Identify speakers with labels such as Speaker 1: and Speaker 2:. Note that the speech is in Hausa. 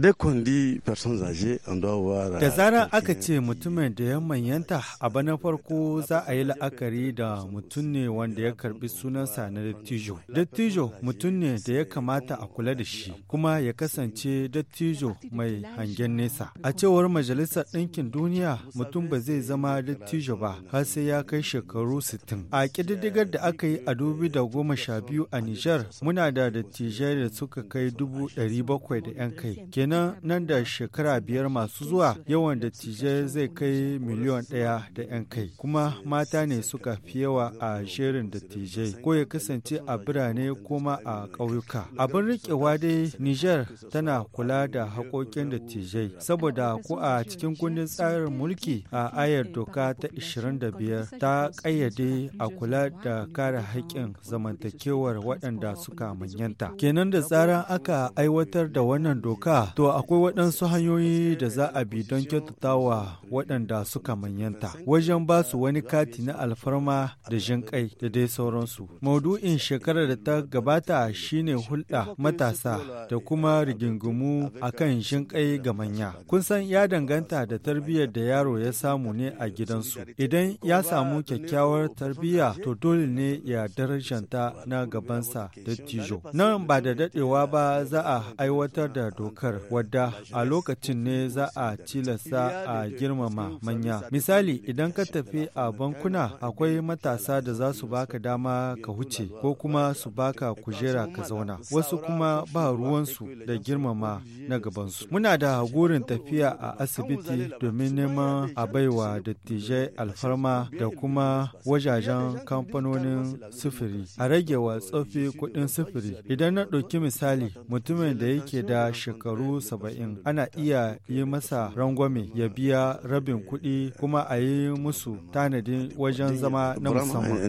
Speaker 1: Da euh, zarar aka ce mutumin da ya manyanta abu na farko za a yi la'akari da mutum ne wanda ya karbi sunansa na dattijo. Dattijo mutum ne da ya kamata a kula da shi kuma ya kasance dattijo mai hangen nesa. A cewar Majalisar Ɗinkin Duniya mutum ba zai zama dattijo ba har sai ya kai shekaru 60. A ƙididdigar da aka yi a dubi da goma sha biyu a Nijar muna da dattijai da suka kai dubu bakwai da 'yan kai. kenan nan da shekara biyar masu zuwa yawan dattijai zai kai miliyon ɗaya da 'yan kai kuma mata ne suka fi yawa a jerin dattijai ko ya kasance a birane kuma a ƙauyuka abin riƙewa dai niger tana kula da haƙoƙin dattijai saboda ko a cikin kundin tsarin mulki a ayar doka ta 25 ta ƙayyade a kula da kare haƙƙin zamantakewar waɗanda suka manyanta kenan da tsaran aka aiwatar da wannan doka To akwai waɗansu hanyoyi da za a bi don kyautata wa waɗanda suka manyanta wajen ba su wani kati na alfarma da jin kai da dai sauransu. Maudu'in shekarar da ta gabata shine hulɗa matasa da kuma rigingimu akan jin kai ga manya. Kun san ya danganta da tarbiyyar da yaro ya samu ne a gidansu. Idan ya samu kyakkyawar tarbiyya to dole ne ya darajanta na gabansa da tijo. Nan ba da daɗewa ba za a aiwatar da dokar wadda a lokacin ne za a tilasta a girmama manya. Misali idan ka tafi a bankuna akwai matasa da za su baka dama ka huce ko kuma su baka kujera ka zauna. Wasu kuma ba ruwansu da girmama na gabansu. Muna da gurin tafiya a asibiti domin neman a baiwa dattijai alfarma da kuma wajajen kamfanonin sufuri a rage wa tsofi kuɗin sufuri idan na ɗauki misali mutumin da yake da shekaru saba'in ana iya yi masa rangwame ya biya rabin kuɗi kuma a yi musu tanadin wajen zama na musamman.